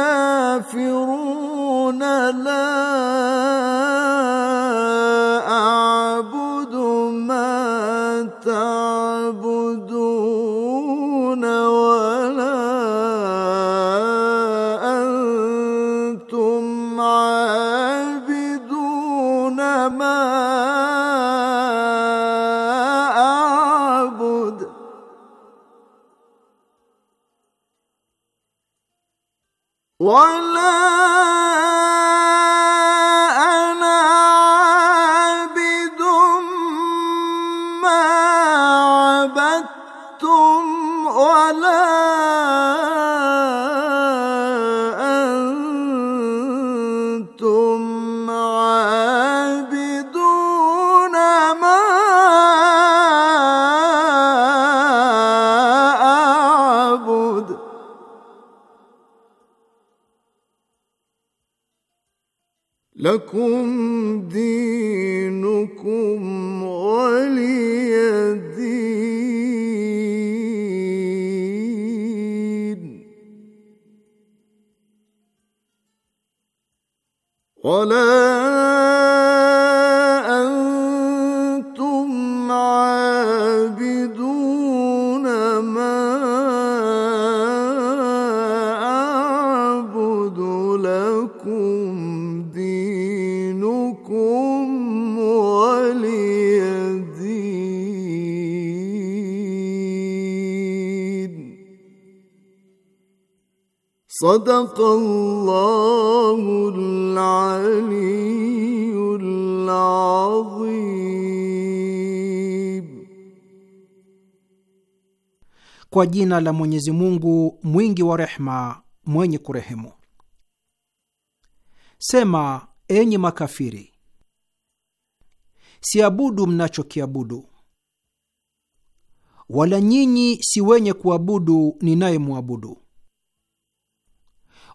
الكافرون لا ولا صدق الله العلي العظيم. Kwa jina la Mwenyezi Mungu mwingi wa rehema, mwenye kurehemu. Sema, enyi makafiri, siabudu mnachokiabudu, wala nyinyi si wenye kuabudu ninayemwabudu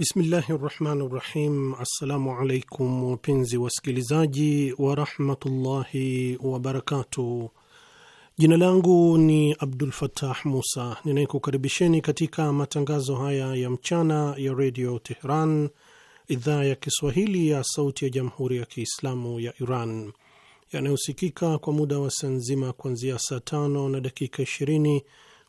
Bismillahi rahmani rahim. Assalamu alaikum wapenzi wasikilizaji warahmatullahi wabarakatuh. Jina langu ni Abdul fatah Musa ninayekukaribisheni katika matangazo haya ya mchana ya redio Tehran, idhaa ya Kiswahili ya sauti ya jamhuri ya Kiislamu ya Iran yanayosikika kwa muda wa saa nzima kuanzia saa tano na dakika ishirini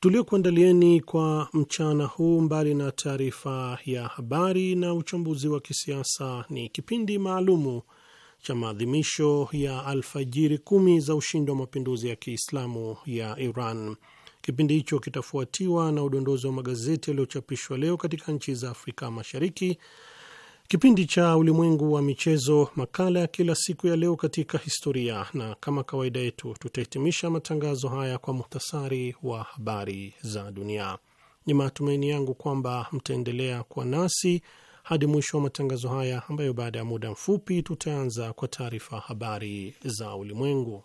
tuliokuandalieni kwa mchana huu, mbali na taarifa ya habari na uchambuzi wa kisiasa, ni kipindi maalumu cha maadhimisho ya alfajiri kumi za ushindi wa mapinduzi ya Kiislamu ya Iran. Kipindi hicho kitafuatiwa na udondozi wa magazeti yaliyochapishwa leo katika nchi za Afrika Mashariki Kipindi cha ulimwengu wa michezo, makala ya kila siku ya leo katika historia, na kama kawaida yetu tutahitimisha matangazo haya kwa muhtasari wa habari za dunia. Ni matumaini yangu kwamba mtaendelea kuwa nasi hadi mwisho wa matangazo haya ambayo baada ya muda mfupi tutaanza kwa taarifa habari za ulimwengu.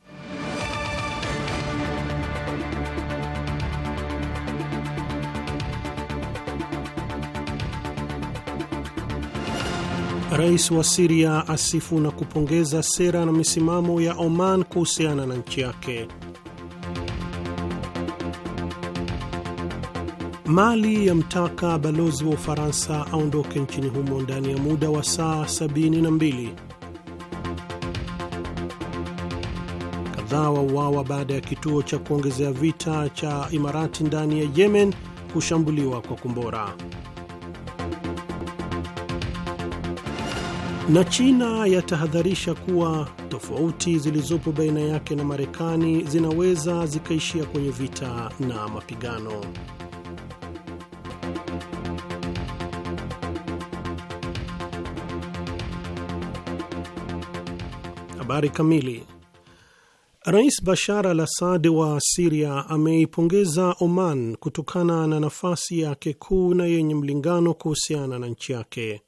Rais wa Siria asifu na kupongeza sera na misimamo ya Oman kuhusiana na nchi yake. Mali yamtaka balozi wa Ufaransa aondoke nchini humo ndani ya muda wa saa 72. Kadhaa wauawa baada ya kituo cha kuongezea vita cha Imarati ndani ya Yemen kushambuliwa kwa kombora. na China yatahadharisha kuwa tofauti zilizopo baina yake na Marekani zinaweza zikaishia kwenye vita na mapigano. Habari kamili. Rais Bashar al Assad wa Siria ameipongeza Oman kutokana na nafasi yake kuu na yenye mlingano kuhusiana na nchi yake.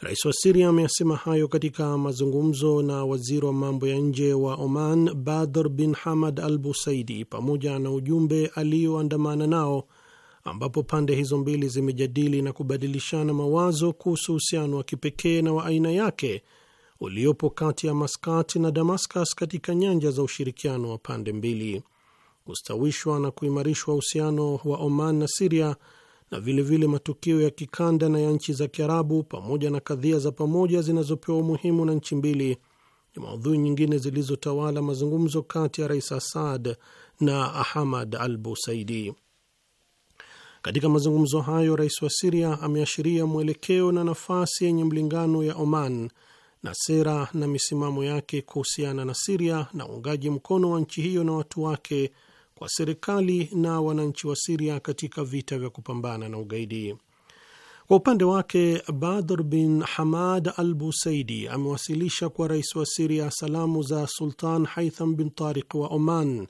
Rais wa Siria ameyasema hayo katika mazungumzo na waziri wa mambo ya nje wa Oman, Badr bin Hamad al Busaidi, pamoja na ujumbe aliyoandamana nao, ambapo pande hizo mbili zimejadili na kubadilishana mawazo kuhusu uhusiano wa kipekee na wa aina yake uliopo kati ya Maskati na Damascus katika nyanja za ushirikiano wa pande mbili. Kustawishwa na kuimarishwa uhusiano wa Oman na Siria na vilevile vile matukio ya kikanda na ya nchi za Kiarabu pamoja na kadhia za pamoja zinazopewa umuhimu na nchi mbili ni maudhui nyingine zilizotawala mazungumzo kati ya Rais Assad na Ahmad al Busaidi. Katika mazungumzo hayo, rais wa Siria ameashiria mwelekeo na nafasi yenye mlingano ya Oman na sera na misimamo yake kuhusiana na Siria na uungaji mkono wa nchi hiyo na watu wake kwa serikali na wananchi wa Siria katika vita vya kupambana na ugaidi. Kwa upande wake, Badr bin Hamad al Busaidi amewasilisha kwa rais wa Siria salamu za Sultan Haitham bin Tariq wa Oman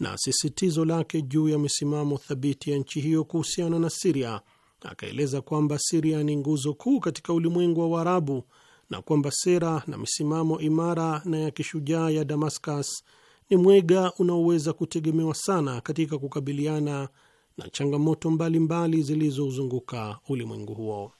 na sisitizo lake juu ya misimamo thabiti ya nchi hiyo kuhusiana na Siria. Akaeleza kwamba Siria ni nguzo kuu katika ulimwengu wa Waarabu na kwamba sera na misimamo imara na ya kishujaa ya Damascus ni mwega unaoweza kutegemewa sana katika kukabiliana na changamoto mbalimbali zilizouzunguka ulimwengu huo.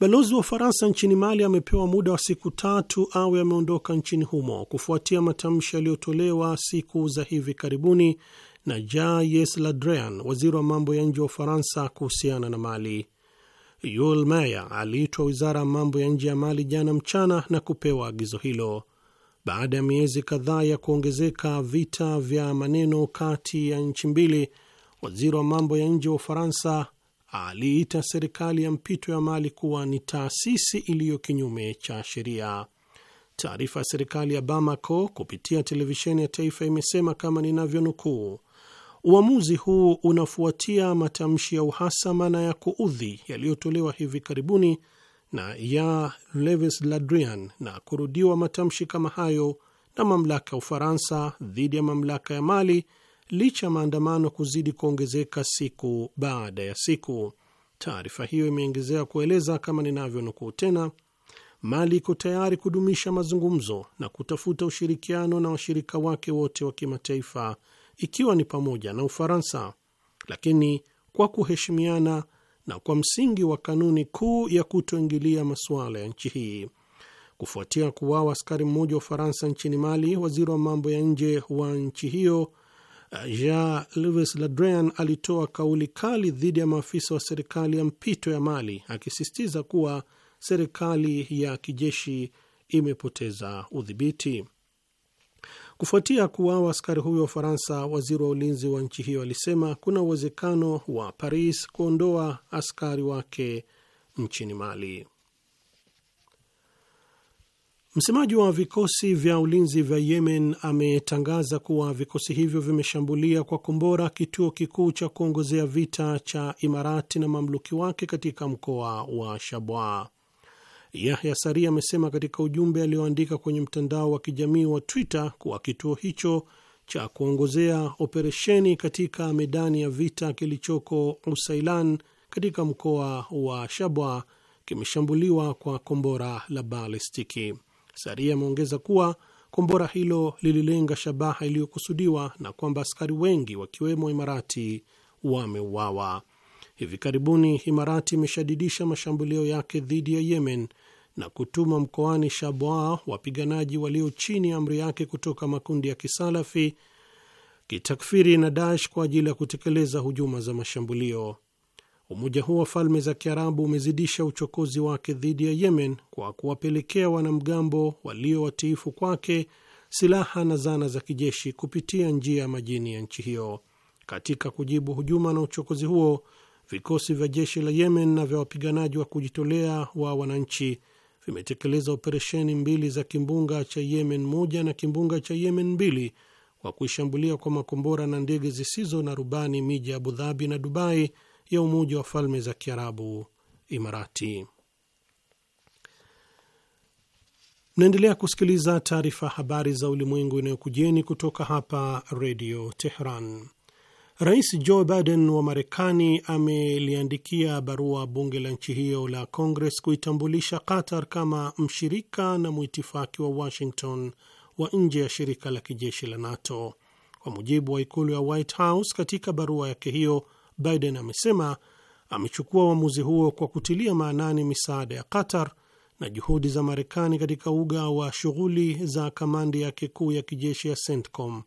Balozi wa Ufaransa nchini Mali amepewa muda wa siku tatu awe ameondoka nchini humo kufuatia matamshi yaliyotolewa siku za hivi karibuni na Jas Le Drian, waziri wa mambo ya nje wa Ufaransa, kuhusiana na Mali. Yul Meyer aliitwa wizara ya mambo ya nje ya Mali jana mchana na kupewa agizo hilo baada ya miezi kadhaa ya kuongezeka vita vya maneno kati ya nchi mbili, waziri wa mambo ya nje wa Ufaransa aliita serikali ya mpito ya Mali kuwa ni taasisi iliyo kinyume cha sheria. Taarifa ya serikali ya Bamako kupitia televisheni ya taifa imesema kama ninavyonukuu, uamuzi huu unafuatia matamshi ya uhasama na ya kuudhi yaliyotolewa hivi karibuni na ya Levis Ladrian na kurudiwa matamshi kama hayo na mamlaka ya Ufaransa dhidi ya mamlaka ya Mali licha ya maandamano kuzidi kuongezeka siku baada ya siku. Taarifa hiyo imeongezea kueleza kama ninavyonukuu tena, Mali iko tayari kudumisha mazungumzo na kutafuta ushirikiano na washirika wake wote wa kimataifa, ikiwa ni pamoja na Ufaransa, lakini kwa kuheshimiana na kwa msingi wa kanuni kuu ya kutoingilia masuala ya nchi hii. Kufuatia kuwaa askari mmoja wa Ufaransa nchini Mali, waziri wa mambo ya nje wa nchi hiyo eh, Jean-Yves ladran alitoa kauli kali dhidi ya maafisa wa serikali ya mpito ya Mali, akisisitiza kuwa serikali ya kijeshi imepoteza udhibiti. Kufuatia kuwawa askari huyo wa Ufaransa, waziri wa ulinzi wa nchi hiyo alisema kuna uwezekano wa Paris kuondoa askari wake nchini Mali. Msemaji wa vikosi vya ulinzi vya Yemen ametangaza kuwa vikosi hivyo vimeshambulia kwa kombora kituo kikuu cha kuongozea vita cha Imarati na mamluki wake katika mkoa wa Shabwa. Yahya Sari amesema katika ujumbe aliyoandika kwenye mtandao wa kijamii wa Twitter kuwa kituo hicho cha kuongozea operesheni katika medani ya vita kilichoko Usailan katika mkoa wa Shabwa kimeshambuliwa kwa kombora la balistiki. Sari ameongeza kuwa kombora hilo lililenga shabaha iliyokusudiwa na kwamba askari wengi wakiwemo Imarati wameuawa. Hivi karibuni Imarati imeshadidisha mashambulio yake dhidi ya Yemen na kutuma mkoani Shabwa wapiganaji walio chini ya amri yake kutoka makundi ya kisalafi kitakfiri na Daesh kwa ajili ya kutekeleza hujuma za mashambulio. Umoja huo wa Falme za Kiarabu umezidisha uchokozi wake dhidi ya Yemen kwa kuwapelekea wanamgambo walio watiifu kwake silaha na zana za kijeshi kupitia njia ya majini ya nchi hiyo. Katika kujibu hujuma na uchokozi huo, vikosi vya jeshi la Yemen na vya wapiganaji wa kujitolea wa wananchi vimetekeleza operesheni mbili za kimbunga cha Yemen moja na kimbunga cha Yemen mbili kwa kuishambulia kwa makombora na ndege zisizo na rubani miji ya Abu Dhabi na Dubai ya Umoja wa Falme za Kiarabu, Imarati. Mnaendelea kusikiliza taarifa habari za ulimwengu inayokujeni kutoka hapa Redio Tehran. Rais Joe Biden wa Marekani ameliandikia barua bunge la nchi hiyo la Congress kuitambulisha Qatar kama mshirika na mwitifaki wa Washington wa nje ya shirika la kijeshi la NATO. Kwa mujibu wa ikulu ya White House, katika barua yake hiyo, Biden amesema amechukua uamuzi huo kwa kutilia maanani misaada ya Qatar na juhudi za Marekani katika uga wa shughuli za kamandi yake kuu ya kijeshi ya CENTCOM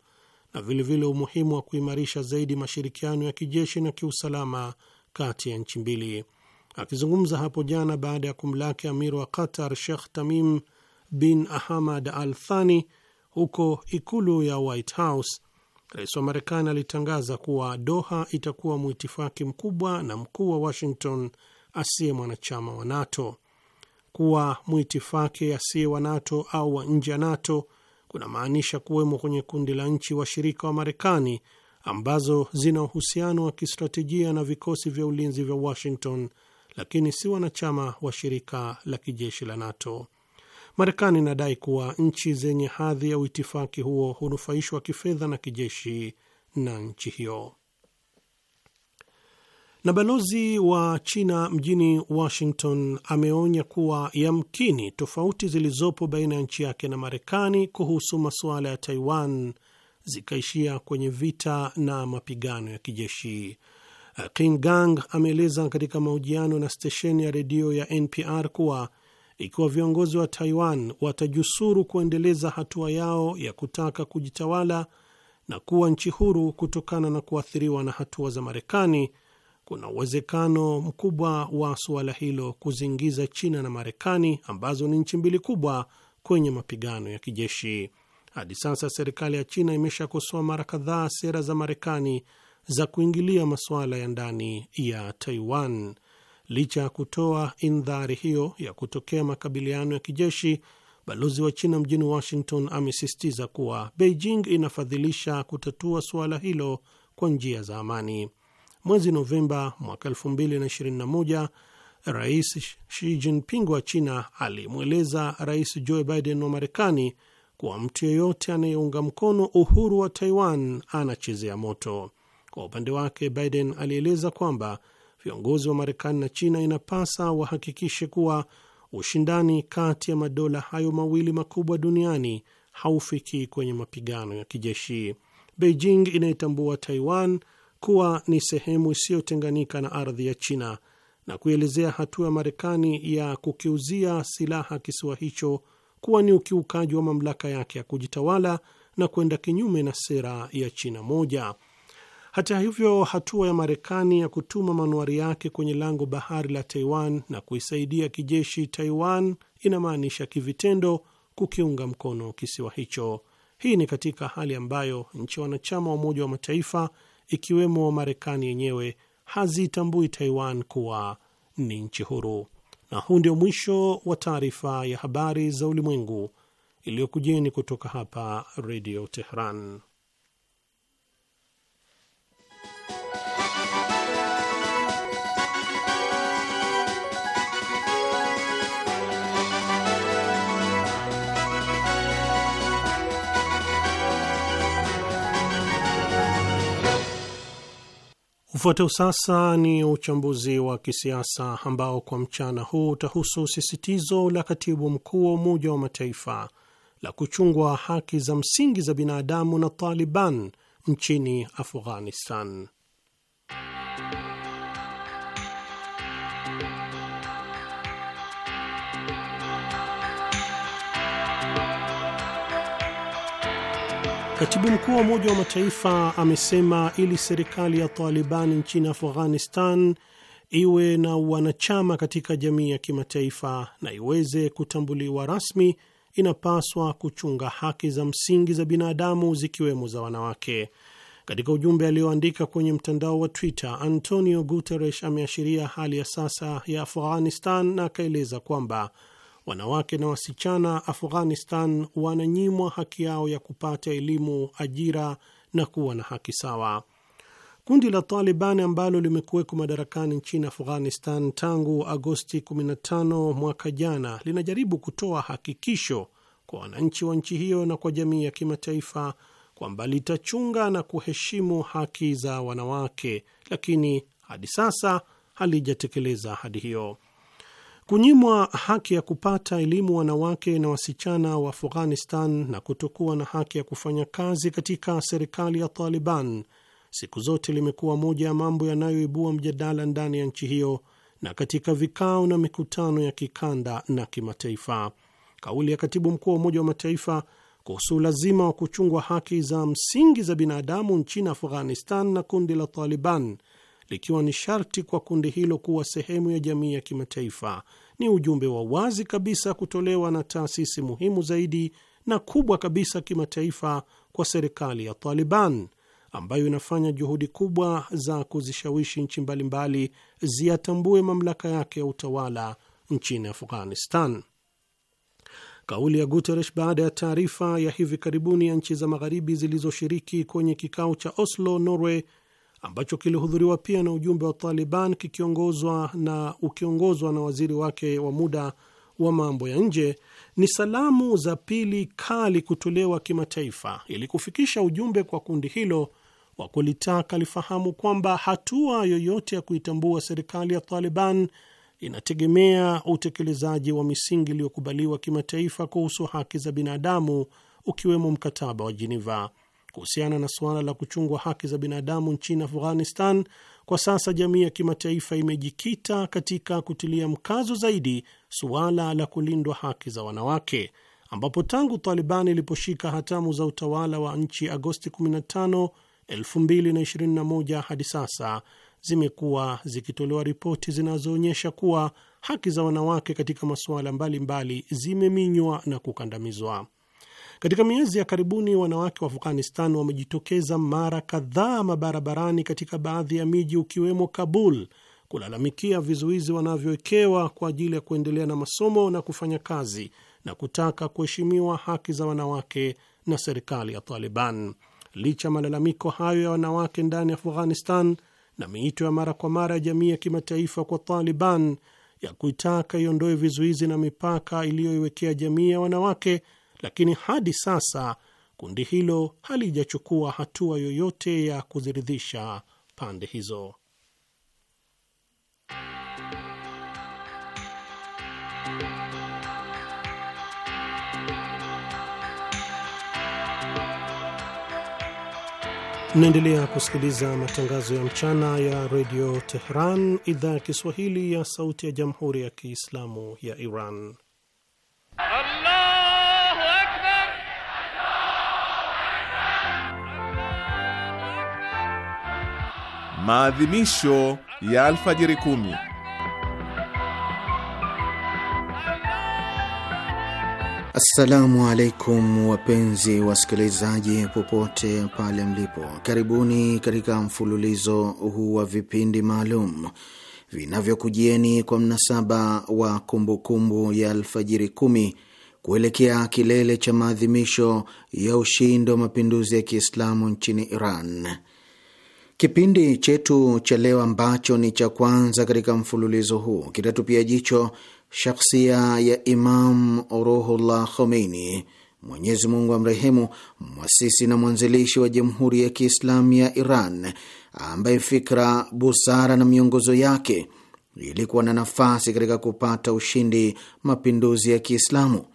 na vilevile umuhimu wa kuimarisha zaidi mashirikiano ya kijeshi na kiusalama kati ya nchi mbili. Akizungumza hapo jana baada ya kumlaki amir wa Qatar Sheikh Tamim bin Ahmad Al Thani huko ikulu ya White House, rais wa Marekani alitangaza kuwa Doha itakuwa mwitifaki mkubwa na mkuu wa Washington asiye mwanachama wa NATO. Kuwa mwitifaki asiye wa NATO au wa nje ya NATO kunamaanisha kuwemo kwenye kundi la nchi washirika wa Marekani ambazo zina uhusiano wa kistratejia na vikosi vya ulinzi vya Washington, lakini si wanachama wa shirika la kijeshi la NATO. Marekani inadai kuwa nchi zenye hadhi ya uitifaki huo hunufaishwa kifedha na kijeshi na nchi hiyo na balozi wa China mjini Washington ameonya kuwa yamkini tofauti zilizopo baina ya nchi yake na Marekani kuhusu masuala ya Taiwan zikaishia kwenye vita na mapigano ya kijeshi. King Gang ameeleza katika mahojiano na stesheni ya redio ya NPR kuwa ikiwa viongozi wa Taiwan watajusuru kuendeleza hatua yao ya kutaka kujitawala na kuwa nchi huru kutokana na kuathiriwa na hatua za Marekani kuna uwezekano mkubwa wa suala hilo kuzingiza China na Marekani, ambazo ni nchi mbili kubwa, kwenye mapigano ya kijeshi. Hadi sasa serikali ya China imeshakosoa mara kadhaa sera za Marekani za kuingilia masuala ya ndani ya Taiwan. Licha ya kutoa indhari hiyo ya kutokea makabiliano ya kijeshi, balozi wa China mjini Washington amesisitiza kuwa Beijing inafadhilisha kutatua suala hilo kwa njia za amani mwezi Novemba mwaka 2021, Rais Xi Jinping wa China alimweleza Rais Joe Biden wa Marekani kuwa mtu yeyote anayeunga mkono uhuru wa Taiwan anachezea moto. Kwa upande wake, Biden alieleza kwamba viongozi wa Marekani na China inapasa wahakikishe kuwa ushindani kati ya madola hayo mawili makubwa duniani haufiki kwenye mapigano ya kijeshi. Beijing inaitambua Taiwan kuwa ni sehemu isiyotenganika na ardhi ya China na kuielezea hatua ya Marekani ya kukiuzia silaha kisiwa hicho kuwa ni ukiukaji wa mamlaka yake ya kujitawala na kwenda kinyume na sera ya China moja. Hata hivyo, hatua ya Marekani ya kutuma manuari yake kwenye lango bahari la Taiwan na kuisaidia kijeshi Taiwan inamaanisha kivitendo kukiunga mkono kisiwa hicho. Hii ni katika hali ambayo nchi wanachama wa Umoja wa Mataifa ikiwemo Marekani yenyewe hazitambui Taiwan kuwa ni nchi huru. Na huu ndio mwisho wa taarifa ya habari za ulimwengu iliyokujeni kutoka hapa Redio Tehran. Ufuatao sasa ni uchambuzi wa kisiasa ambao kwa mchana huu utahusu sisitizo la katibu mkuu wa Umoja wa Mataifa la kuchungwa haki za msingi za binadamu na Taliban nchini Afghanistan. Katibu mkuu wa Umoja wa Mataifa amesema ili serikali ya taliban nchini Afghanistan iwe na wanachama katika jamii ya kimataifa na iweze kutambuliwa rasmi, inapaswa kuchunga haki za msingi za binadamu zikiwemo za wanawake. Katika ujumbe aliyoandika kwenye mtandao wa Twitter, Antonio Guterres ameashiria hali ya sasa ya Afghanistan na akaeleza kwamba wanawake na wasichana Afghanistan wananyimwa haki yao ya kupata elimu, ajira na kuwa na haki sawa. Kundi la Taliban ambalo limekuweko madarakani nchini Afghanistan tangu Agosti 15 mwaka jana linajaribu kutoa hakikisho kwa wananchi wa nchi hiyo na kwa jamii ya kimataifa kwamba litachunga na kuheshimu haki za wanawake, lakini hadi sasa halijatekeleza ahadi hiyo. Kunyimwa haki ya kupata elimu wanawake na wasichana wa Afghanistan na kutokuwa na haki ya kufanya kazi katika serikali ya Taliban siku zote limekuwa moja ya mambo yanayoibua mjadala ndani ya nchi hiyo na katika vikao na mikutano ya kikanda na kimataifa. Kauli ya katibu mkuu wa Umoja wa Mataifa kuhusu ulazima wa kuchungwa haki za msingi za binadamu nchini Afghanistan na kundi la Taliban likiwa ni sharti kwa kundi hilo kuwa sehemu ya jamii ya kimataifa, ni ujumbe wa wazi kabisa kutolewa na taasisi muhimu zaidi na kubwa kabisa kimataifa kwa serikali ya Taliban ambayo inafanya juhudi kubwa za kuzishawishi nchi mbalimbali ziyatambue mamlaka yake ya utawala nchini Afghanistan. Kauli ya Guterres baada ya taarifa ya hivi karibuni ya nchi za magharibi zilizoshiriki kwenye kikao cha Oslo, Norway ambacho kilihudhuriwa pia na ujumbe wa Taliban kikiongozwa na ukiongozwa na waziri wake wa muda wa mambo ya nje, ni salamu za pili kali kutolewa kimataifa ili kufikisha ujumbe kwa kundi hilo wa kulitaka lifahamu kwamba hatua yoyote ya kuitambua serikali ya Taliban inategemea utekelezaji wa misingi iliyokubaliwa kimataifa kuhusu haki za binadamu ukiwemo mkataba wa jiniva Kuhusiana na suala la kuchungwa haki za binadamu nchini Afghanistan, kwa sasa jamii ya kimataifa imejikita katika kutilia mkazo zaidi suala la kulindwa haki za wanawake, ambapo tangu Taliban iliposhika hatamu za utawala wa nchi Agosti 15, 2021 hadi sasa zimekuwa zikitolewa ripoti zinazoonyesha kuwa haki za wanawake katika masuala mbalimbali zimeminywa na kukandamizwa. Katika miezi ya karibuni wanawake wa Afghanistan wamejitokeza mara kadhaa mabarabarani katika baadhi ya miji ukiwemo Kabul kulalamikia vizuizi wanavyowekewa kwa ajili ya kuendelea na masomo na kufanya kazi na kutaka kuheshimiwa haki za wanawake na serikali ya Taliban. Licha malalamiko hayo ya wanawake ndani ya Afghanistan na miito ya mara kwa mara ya jamii ya kimataifa kwa Taliban ya kuitaka iondoe vizuizi na mipaka iliyoiwekea jamii ya wanawake lakini hadi sasa kundi hilo halijachukua hatua yoyote ya kuziridhisha pande hizo. naendelea kusikiliza matangazo ya mchana ya redio Tehran, idhaa ya Kiswahili ya sauti ya jamhuri ya kiislamu ya Iran. Maadhimisho ya alfajiri kumi. Assalamu alaikum wapenzi wasikilizaji, popote pale mlipo, karibuni katika mfululizo huu wa vipindi maalum vinavyokujieni kwa mnasaba wa kumbukumbu kumbu ya alfajiri kumi kuelekea kilele cha maadhimisho ya ushindi wa mapinduzi ya Kiislamu nchini Iran. Kipindi chetu cha leo ambacho ni cha kwanza katika mfululizo huu kitatupia jicho shakhsia ya Imam Ruhullah Khomeini, Mwenyezi Mungu amrehemu, mwasisi na mwanzilishi wa Jamhuri ya Kiislamu ya Iran, ambaye fikra, busara na miongozo yake ilikuwa na nafasi katika kupata ushindi mapinduzi ya Kiislamu,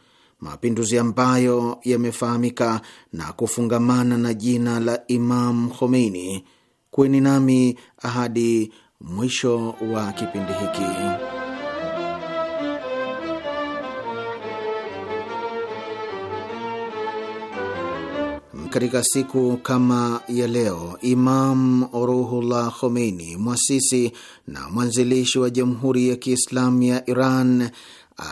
mapinduzi ambayo yamefahamika na kufungamana na jina la Imam Khomeini kweni nami hadi mwisho wa kipindi hiki. Katika siku kama ya leo, Imam Ruhullah Khomeini, mwasisi na mwanzilishi wa Jamhuri ya Kiislamu ya Iran,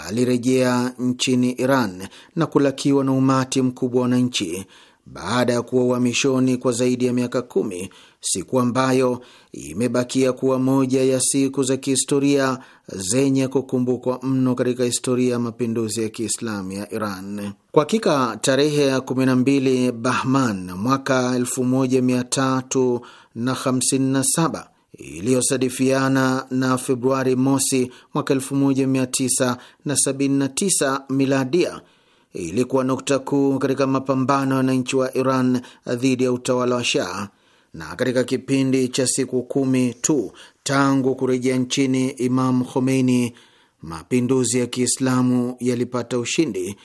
alirejea nchini Iran na kulakiwa na umati mkubwa wa wananchi baada ya kuwa uhamishoni kwa zaidi ya miaka kumi siku ambayo imebakia kuwa moja ya siku za kihistoria zenye kukumbukwa mno katika historia ya mapinduzi ya Kiislamu ya Iran. Kwa hakika tarehe ya 12 Bahman mwaka 1357 iliyosadifiana na Februari mosi mwaka 1979 miladia ilikuwa nukta kuu katika mapambano ya wananchi wa Iran dhidi ya utawala wa Shah na katika kipindi cha siku kumi tu tangu kurejea nchini Imam Khomeini, mapinduzi ya Kiislamu yalipata ushindi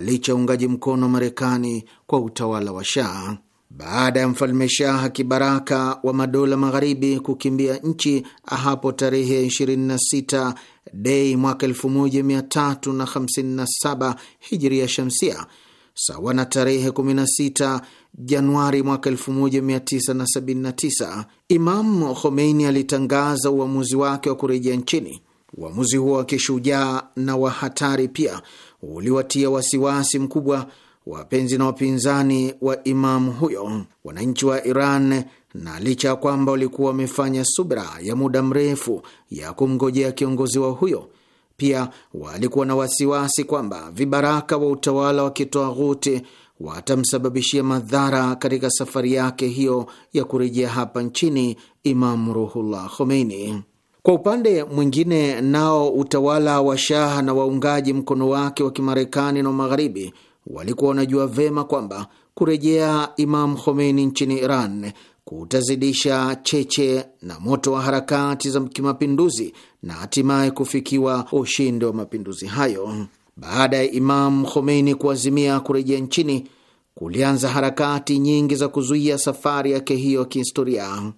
licha ya uungaji mkono wa Marekani kwa utawala wa Shah. Baada ya mfalme Shah kibaraka wa madola magharibi kukimbia nchi hapo tarehe 26 Dei mwaka 1357 hijria shamsia, sawa na tarehe 16 Januari mwaka 1979 Imam Khomeini alitangaza uamuzi wake wa kurejea nchini. Uamuzi huo wa kishujaa na wa hatari pia uliwatia wasiwasi mkubwa wapenzi na wapinzani wa imamu huyo, wananchi wa Iran, na licha ya kwamba walikuwa wamefanya subra ya muda mrefu ya kumngojea kiongozi wao huyo, pia walikuwa na wasiwasi kwamba vibaraka wa utawala wa ghuti watamsababishia madhara katika safari yake hiyo ya kurejea hapa nchini Imam Ruhullah Khomeini. Kwa upande mwingine, nao utawala wa shaha na waungaji mkono wake wa Kimarekani na Magharibi walikuwa wanajua vema kwamba kurejea Imam Khomeini nchini Iran kutazidisha cheche na moto wa harakati za kimapinduzi na hatimaye kufikiwa ushindi wa mapinduzi hayo. Baada ya Imam Khomeini kuazimia kurejea nchini, kulianza harakati nyingi za kuzuia safari yake hiyo kihistoria.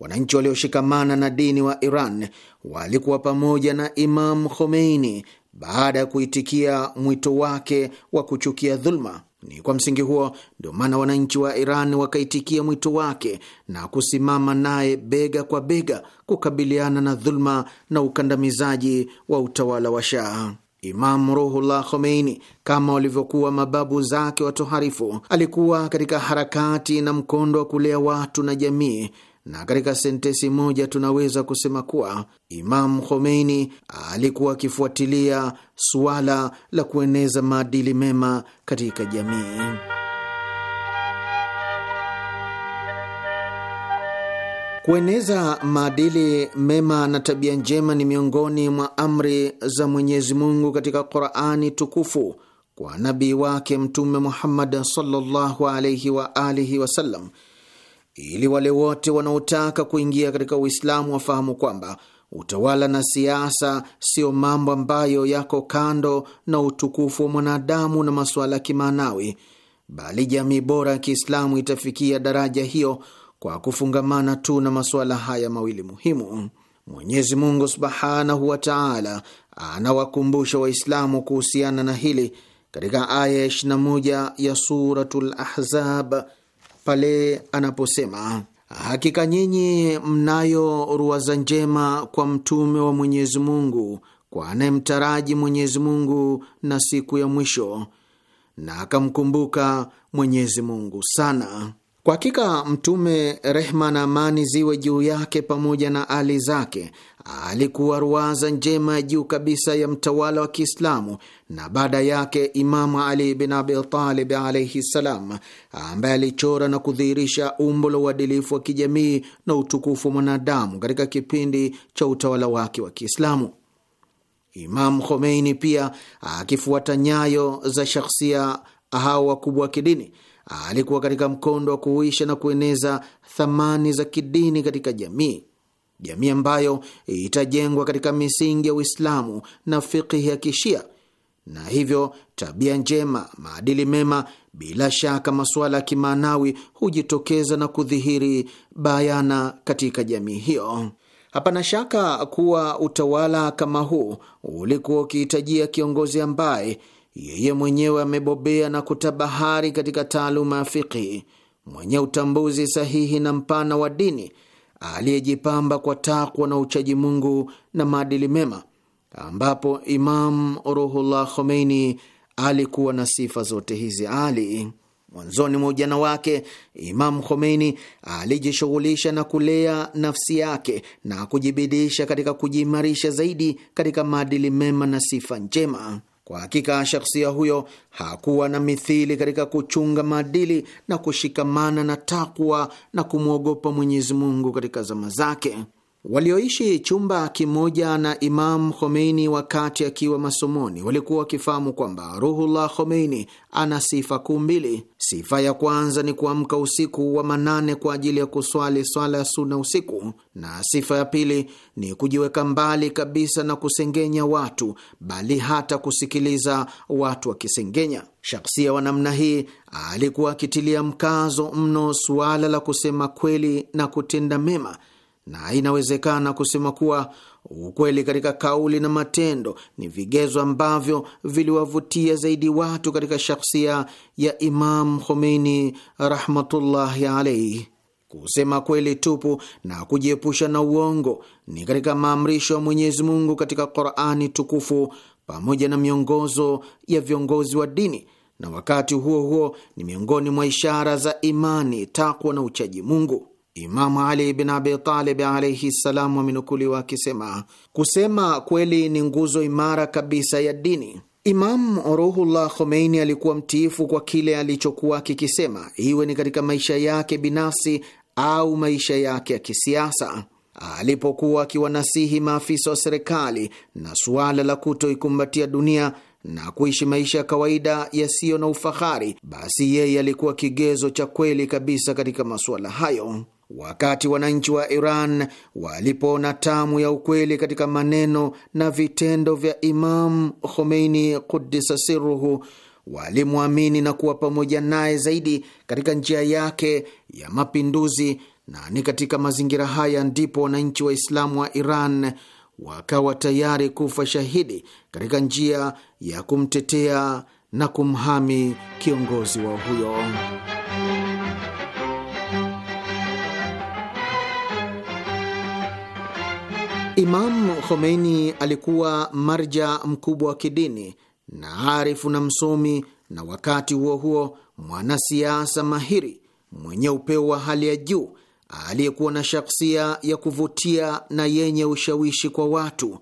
Wananchi walioshikamana na dini wa Iran walikuwa pamoja na Imam Khomeini baada ya kuitikia mwito wake wa kuchukia dhuluma. Ni kwa msingi huo ndio maana wananchi wa Iran wakaitikia mwito wake na kusimama naye bega kwa bega kukabiliana na dhuluma na ukandamizaji wa utawala wa Shaha. Imam Ruhullah Khomeini, kama walivyokuwa mababu zake watoharifu, alikuwa katika harakati na mkondo wa kulea watu na jamii, na katika sentesi moja tunaweza kusema kuwa Imam Khomeini alikuwa akifuatilia suala la kueneza maadili mema katika jamii. Kueneza maadili mema na tabia njema ni miongoni mwa amri za Mwenyezi Mungu katika Qurani tukufu kwa nabii wake Mtume Muhammad sallallahu alaihi wa alihi wasallam, ili wale wote wanaotaka kuingia katika Uislamu wafahamu kwamba utawala na siasa siyo mambo ambayo yako kando na utukufu wa mwanadamu na masuala ya kimaanawi, bali jamii bora ya Kiislamu itafikia daraja hiyo kwa kufungamana tu na masuala haya mawili muhimu. Mwenyezi Mungu subhanahu wa taala anawakumbusha Waislamu kuhusiana na hili katika aya ya 21 ya Suratul Ahzab pale anaposema, hakika nyinyi mnayo ruwaza njema kwa mtume wa Mwenyezi Mungu, kwa anayemtaraji Mwenyezi Mungu na siku ya mwisho, na akamkumbuka Mwenyezi Mungu sana. Kwa hakika Mtume, rehma na amani ziwe juu yake pamoja na ali zake, alikuwa ruwaza njema ya juu kabisa ya mtawala wa Kiislamu na baada yake Imamu Ali bin Abi Talib alaihi ssalam, ambaye alichora na kudhihirisha umbo la uadilifu wa kijamii na utukufu wa mwanadamu katika kipindi cha utawala wake wa Kiislamu. Imamu Khomeini pia akifuata nyayo za shakhsia hao wakubwa wa kidini alikuwa katika mkondo wa kuhuisha na kueneza thamani za kidini katika jamii, jamii ambayo itajengwa katika misingi ya Uislamu na fikhi ya Kishia, na hivyo tabia njema, maadili mema, bila shaka masuala ya kimaanawi hujitokeza na kudhihiri bayana katika jamii hiyo. Hapana shaka kuwa utawala kama huu ulikuwa ukihitajia kiongozi ambaye yeye mwenyewe amebobea na kutabahari katika taaluma ya fiqhi, mwenye utambuzi sahihi na mpana wa dini, aliyejipamba kwa takwa na uchaji Mungu na maadili mema, ambapo Imam Ruhullah Khomeini alikuwa na sifa zote hizi ali. Mwanzoni mwa ujana wake Imam Khomeini alijishughulisha na kulea nafsi yake na kujibidisha katika kujiimarisha zaidi katika maadili mema na sifa njema. Kwa hakika shakhsia huyo hakuwa na mithili katika kuchunga maadili na kushikamana na takwa na kumwogopa Mwenyezi Mungu katika zama zake. Walioishi chumba kimoja na Imam Khomeini wakati akiwa masomoni walikuwa wakifahamu kwamba Ruhullah Khomeini ana sifa kuu mbili. Sifa ya kwanza ni kuamka usiku wa manane kwa ajili ya kuswali swala ya suna usiku, na sifa ya pili ni kujiweka mbali kabisa na kusengenya watu, bali hata kusikiliza watu wakisengenya. Shaksia wa namna hii alikuwa akitilia mkazo mno suala la kusema kweli na kutenda mema na inawezekana kusema kuwa ukweli katika kauli na matendo ni vigezo ambavyo viliwavutia zaidi watu katika shakhsia ya Imam Khomeini rahmatullahi alaihi. Kusema kweli tupu na kujiepusha na uongo ni katika maamrisho ya Mwenyezi Mungu katika Qurani tukufu pamoja na miongozo ya viongozi wa dini na wakati huo huo ni miongoni mwa ishara za imani, takwa na uchaji Mungu. Imamu Ali bin Abi Talib alaihi ssalam amenukuliwa akisema, kusema kweli ni nguzo imara kabisa ya dini. Imamu Ruhullah Khomeini alikuwa mtiifu kwa kile alichokuwa kikisema, iwe ni katika maisha yake binafsi au maisha yake ya kisiasa. Alipokuwa akiwanasihi maafisa wa serikali na suala la kutoikumbatia dunia na kuishi maisha ya kawaida yasiyo na ufahari, basi yeye alikuwa kigezo cha kweli kabisa katika masuala hayo. Wakati wananchi wa Iran walipoona tamu ya ukweli katika maneno na vitendo vya Imam Khomeini kudisa siruhu, walimwamini na kuwa pamoja naye zaidi katika njia yake ya mapinduzi, na ni katika mazingira haya ndipo wananchi Waislamu wa Iran wakawa tayari kufa shahidi katika njia ya kumtetea na kumhami kiongozi wao huyo. Imam Khomeini alikuwa marja mkubwa wa kidini na arifu na msomi, na wakati huo huo mwanasiasa mahiri mwenye upeo wa hali ya juu aliyekuwa na shakhsia ya kuvutia na yenye ushawishi kwa watu,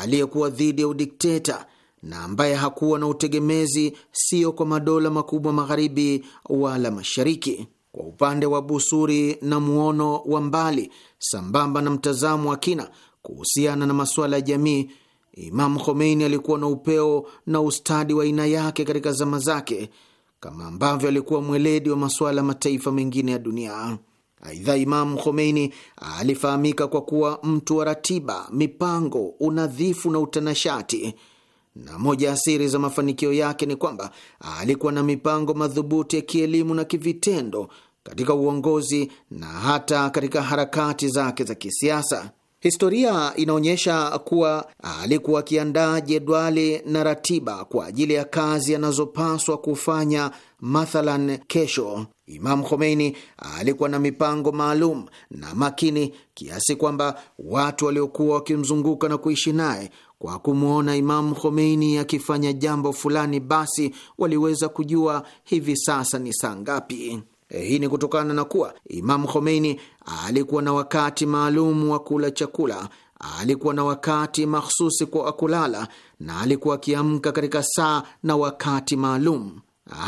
aliyekuwa dhidi ya udikteta na ambaye hakuwa na utegemezi, sio kwa madola makubwa magharibi wala mashariki. Kwa upande wa busuri na muono wa mbali sambamba na mtazamo wa kina Kuhusiana na masuala ya jamii, Imamu Khomeini alikuwa na upeo na ustadi wa aina yake katika zama zake, kama ambavyo alikuwa mweledi wa masuala mataifa mengine ya dunia. Aidha, Imamu Khomeini alifahamika kwa kuwa mtu wa ratiba, mipango, unadhifu na utanashati, na moja ya siri za mafanikio yake ni kwamba alikuwa na mipango madhubuti ya kielimu na kivitendo katika uongozi na hata katika harakati zake za kisiasa. Historia inaonyesha kuwa alikuwa akiandaa jedwali na ratiba kwa ajili ya kazi anazopaswa kufanya. Mathalan, kesho Imam Khomeini alikuwa na mipango maalum na makini kiasi kwamba watu waliokuwa wakimzunguka na kuishi naye kwa kumwona Imam Khomeini akifanya jambo fulani, basi waliweza kujua hivi sasa ni saa ngapi. Eh, hii ni kutokana na kuwa Imam Khomeini alikuwa na wakati maalum wa kula chakula, alikuwa na wakati mahsusi kwa kulala, na alikuwa akiamka katika saa na wakati maalum.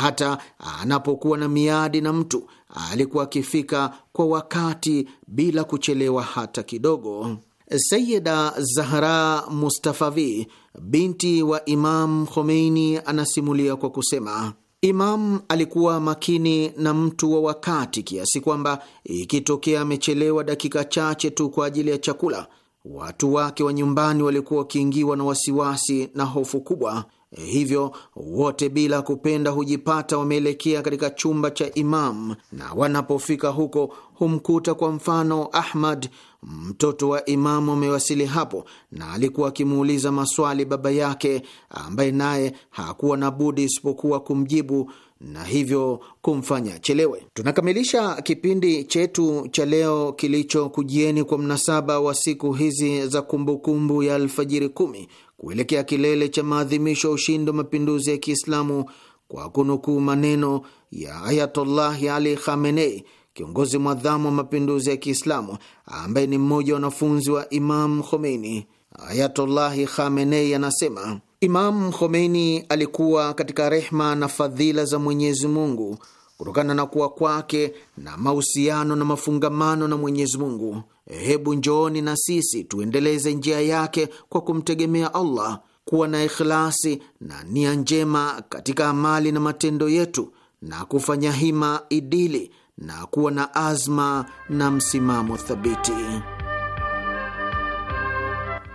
Hata anapokuwa na miadi na mtu, alikuwa akifika kwa wakati bila kuchelewa hata kidogo. Sayida Zahra Mustafavi, binti wa Imam Khomeini, anasimulia kwa kusema Imam alikuwa makini na mtu wa wakati kiasi kwamba ikitokea amechelewa dakika chache tu kwa ajili ya chakula, watu wake wa nyumbani walikuwa wakiingiwa na wasiwasi na hofu kubwa. Hivyo wote bila kupenda hujipata wameelekea katika chumba cha Imam, na wanapofika huko humkuta kwa mfano Ahmad mtoto wa Imamu amewasili hapo, na alikuwa akimuuliza maswali baba yake, ambaye naye hakuwa na budi isipokuwa kumjibu na hivyo kumfanya chelewe. Tunakamilisha kipindi chetu cha leo kilichokujieni kwa mnasaba wa siku hizi za kumbukumbu ya Alfajiri Kumi kuelekea kilele cha maadhimisho ya ushindi wa mapinduzi ya Kiislamu kwa kunukuu maneno ya Ayatollahi Ali Khamenei, kiongozi mwadhamu wa mapinduzi ya Kiislamu ambaye ni mmoja wa wanafunzi wa Imam Khomeini. Ayatollahi Khamenei anasema Imam Khomeini alikuwa katika rehma na fadhila za Mwenyezi Mungu kutokana na kuwa kwake na mahusiano na mafungamano na Mwenyezi Mungu. Hebu njooni na sisi tuendeleze njia yake kwa kumtegemea Allah, kuwa na ikhlasi na nia njema katika amali na matendo yetu, na kufanya hima idili na kuwa na azma na msimamo thabiti.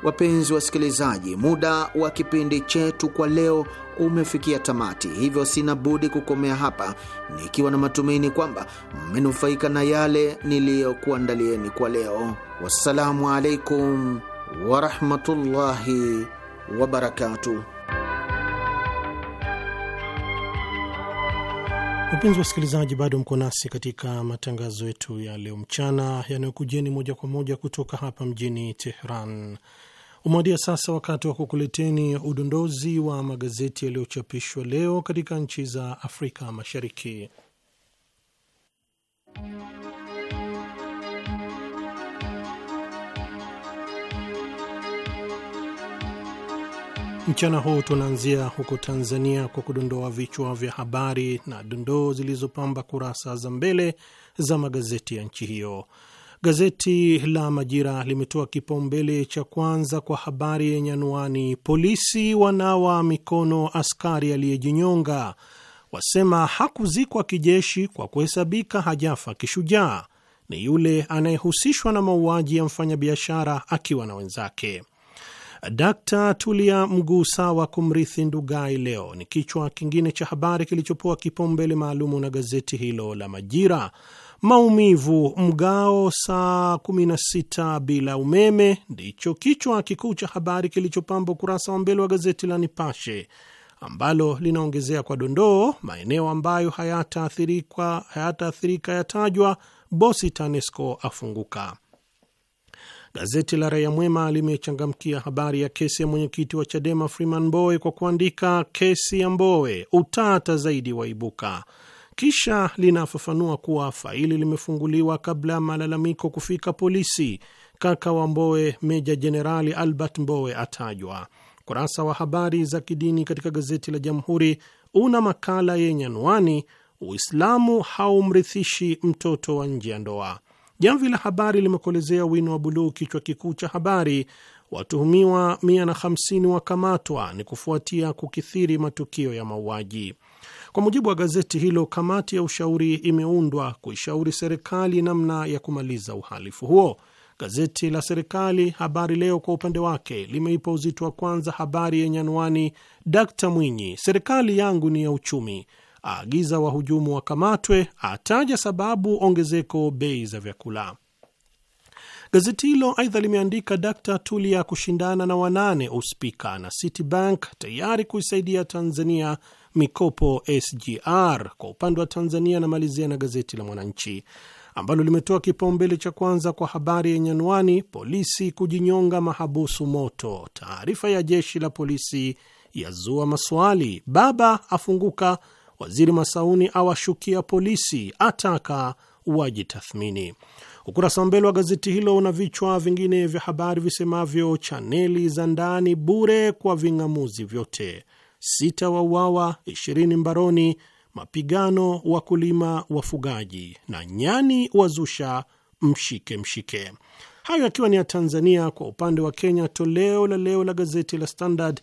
Wapenzi wasikilizaji, muda wa kipindi chetu kwa leo umefikia tamati, hivyo sina budi kukomea hapa nikiwa na matumaini kwamba mmenufaika na yale niliyokuandalieni kwa leo. Wassalamu alaikum warahmatullahi wabarakatuh. Wapenzi wasikilizaji, bado mko nasi katika matangazo yetu ya leo mchana yanayokujeni moja kwa moja kutoka hapa mjini Tehran. Umewadia sasa wakati wa kukuleteni udondozi wa magazeti yaliyochapishwa leo katika nchi za Afrika Mashariki. Mchana huu tunaanzia huko Tanzania kwa kudondoa vichwa vya habari na dondoo zilizopamba kurasa za mbele za magazeti ya nchi hiyo. Gazeti la Majira limetoa kipaumbele cha kwanza kwa habari yenye anwani polisi wanawa mikono askari aliyejinyonga, wasema hakuzikwa kijeshi kwa kuhesabika hajafa kishujaa, ni yule anayehusishwa na mauaji ya mfanyabiashara akiwa na wenzake. Dkt Tulia mguu sawa kumrithi Ndugai leo ni kichwa kingine cha habari kilichopoa kipaumbele maalumu na gazeti hilo la Majira Maumivu mgao saa sita bila umeme ndicho kichwa kikuu cha habari kilichopamba ukurasa wa mbele wa gazeti la Nipashe ambalo linaongezea kwa dondoo maeneo ambayo hayataathirika hayataathirika yatajwa, bosi TANESCO afunguka. Gazeti la Raia Mwema limechangamkia habari ya kesi ya mwenyekiti wa CHADEMA Freeman Mbowe kwa kuandika, kesi ya Mbowe utata zaidi waibuka kisha linafafanua kuwa faili limefunguliwa kabla ya malalamiko kufika polisi. Kaka wa Mbowe, Meja Jenerali Albert Mbowe atajwa. Ukurasa wa habari za kidini katika gazeti la Jamhuri una makala yenye anwani Uislamu haumrithishi mtoto wa nje ya ndoa. Jamvi la Habari limekolezea wino wa buluu kichwa kikuu cha habari, watuhumiwa 150 wakamatwa, ni kufuatia kukithiri matukio ya mauaji. Kwa mujibu wa gazeti hilo, kamati ya ushauri imeundwa kuishauri serikali namna ya kumaliza uhalifu huo. Gazeti la serikali Habari Leo kwa upande wake limeipa uzito wa kwanza habari yenye anwani Dkt Mwinyi, serikali yangu ni ya uchumi, aagiza wahujumu wakamatwe, ataja sababu ongezeko bei za vyakula. Gazeti hilo aidha limeandika Dkt Tulia kushindana na wanane uspika, na Citibank tayari kuisaidia Tanzania mikopo SGR. Kwa upande wa Tanzania, namalizia na gazeti la Mwananchi ambalo limetoa kipaumbele cha kwanza kwa habari yenye anwani polisi kujinyonga mahabusu moto, taarifa ya jeshi la polisi yazua maswali, baba afunguka, waziri Masauni awashukia polisi, ataka wajitathmini. Ukurasa wa mbele wa gazeti hilo una vichwa vingine vya habari visemavyo chaneli za ndani bure kwa ving'amuzi vyote sita wauawa, ishirini mbaroni, mapigano wakulima wafugaji, na nyani wazusha mshike mshike. Hayo yakiwa ni ya Tanzania. Kwa upande wa Kenya, toleo la leo la gazeti la Standard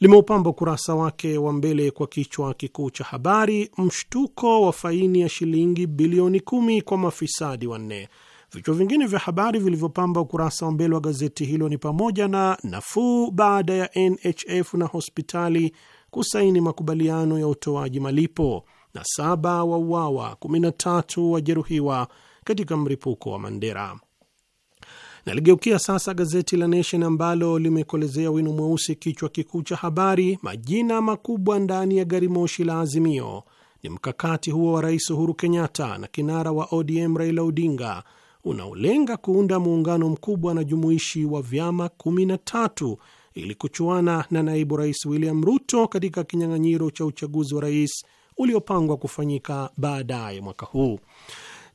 limeupamba ukurasa wake wa mbele kwa kichwa kikuu cha habari, mshtuko wa faini ya shilingi bilioni kumi kwa mafisadi wanne. Vichwa vingine vya habari vilivyopamba ukurasa wa mbele wa gazeti hilo ni pamoja na nafuu baada ya NHF na hospitali kusaini makubaliano ya utoaji malipo na saba wauawa, tatu wajeruhiwa katika mripuko wa Mandera. Naligeukia sasa gazeti la Nation ambalo limekolezea wino mweusi kichwa kikuu cha habari, majina makubwa ndani ya gari moshi la Azimio. Ni mkakati huo wa Rais Uhuru Kenyatta na kinara wa ODM Raila Odinga unaolenga kuunda muungano mkubwa na jumuishi wa vyama 1t ili kuchuana na naibu rais William Ruto katika kinyang'anyiro cha uchaguzi wa rais uliopangwa kufanyika baadaye mwaka huu.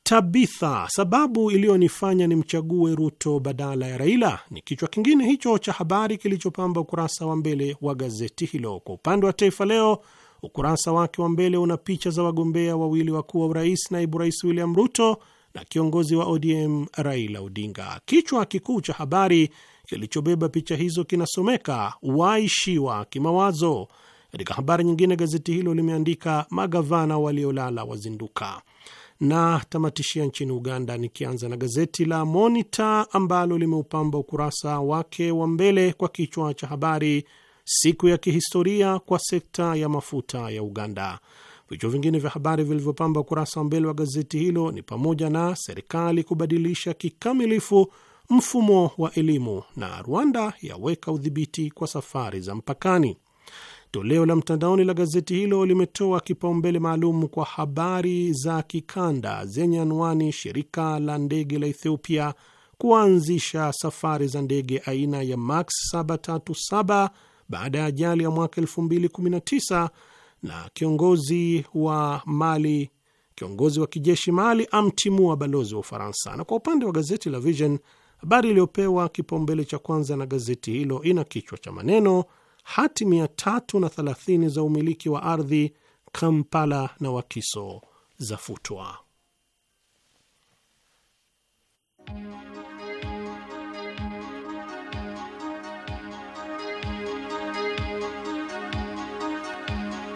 Tabitha, sababu iliyonifanya nimchague Ruto badala ya Raila ni kichwa kingine hicho cha habari kilichopamba ukurasa wa mbele wa gazeti hilo. Kwa upande wa Taifa Leo, ukurasa wake wa mbele una picha za wagombea wawili wakuu wa urais, naibu rais William Ruto na kiongozi wa ODM Raila Odinga. Kichwa kikuu cha habari kilichobeba picha hizo kinasomeka waishiwa kimawazo. Katika habari nyingine, gazeti hilo limeandika magavana waliolala wazinduka na tamatishia nchini Uganda, nikianza na gazeti la Monitor ambalo limeupamba ukurasa wake wa mbele kwa kichwa cha habari, siku ya kihistoria kwa sekta ya mafuta ya Uganda. Vichwa vingine vya habari vilivyopamba ukurasa wa mbele wa gazeti hilo ni pamoja na serikali kubadilisha kikamilifu mfumo wa elimu na Rwanda yaweka udhibiti kwa safari za mpakani. Toleo la mtandaoni la gazeti hilo limetoa kipaumbele maalum kwa habari za kikanda zenye anwani shirika la ndege la Ethiopia kuanzisha safari za ndege aina ya Max 737 baada ya ajali ya mwaka 2019 na kiongozi wa Mali, kiongozi wa kijeshi Mali amtimua balozi wa Ufaransa. Na kwa upande wa gazeti la Vision Habari iliyopewa kipaumbele cha kwanza na gazeti hilo ina kichwa cha maneno hati 330 za umiliki wa ardhi Kampala na Wakiso zafutwa.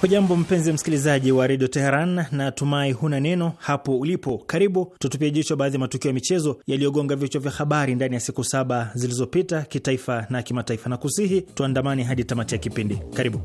Hujambo mpenzi msikilizaji wa redio Teheran na tumai huna neno hapo ulipo. Karibu tutupie jicho baadhi ya matukio ya michezo yaliyogonga vichwa vya habari ndani ya siku saba zilizopita, kitaifa na kimataifa, na kusihi tuandamani hadi tamati ya kipindi. Karibu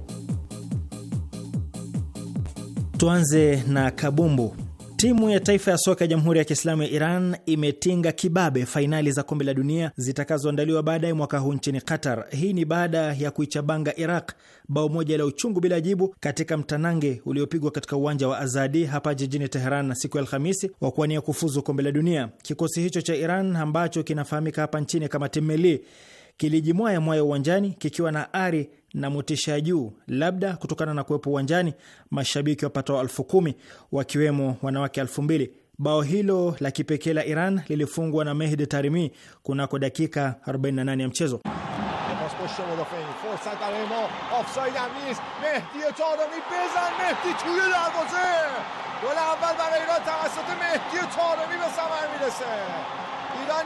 tuanze na kabumbu. Timu ya taifa ya soka ya Jamhuri ya Kiislamu ya Iran imetinga kibabe fainali za kombe la dunia zitakazoandaliwa baadaye mwaka huu nchini Qatar. Hii ni baada ya kuichabanga Iraq bao moja la uchungu bila jibu katika mtanange uliopigwa katika uwanja wa Azadi hapa jijini Teheran na siku ya Alhamisi wa kuwania kufuzu kombe la dunia. Kikosi hicho cha Iran ambacho kinafahamika hapa nchini kama Timmeli kilijimwaya mwayo uwanjani kikiwa na ari na motisha ya juu, labda kutokana na kuwepo uwanjani mashabiki wapatao elfu kumi wakiwemo wanawake elfu mbili. Bao hilo la kipekee la Iran lilifungwa na Mehdi Tarimi kunako dakika 48 ya mchezo. Iran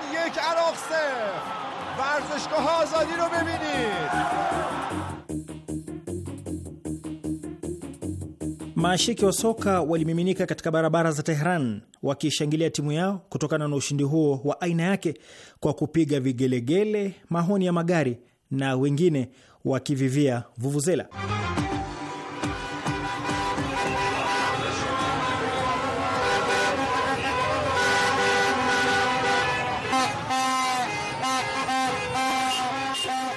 Maashiki wa soka walimiminika katika barabara za Tehran wakishangilia timu yao kutokana na ushindi huo wa aina yake kwa kupiga vigelegele, mahoni ya magari na wengine wakivivia vuvuzela.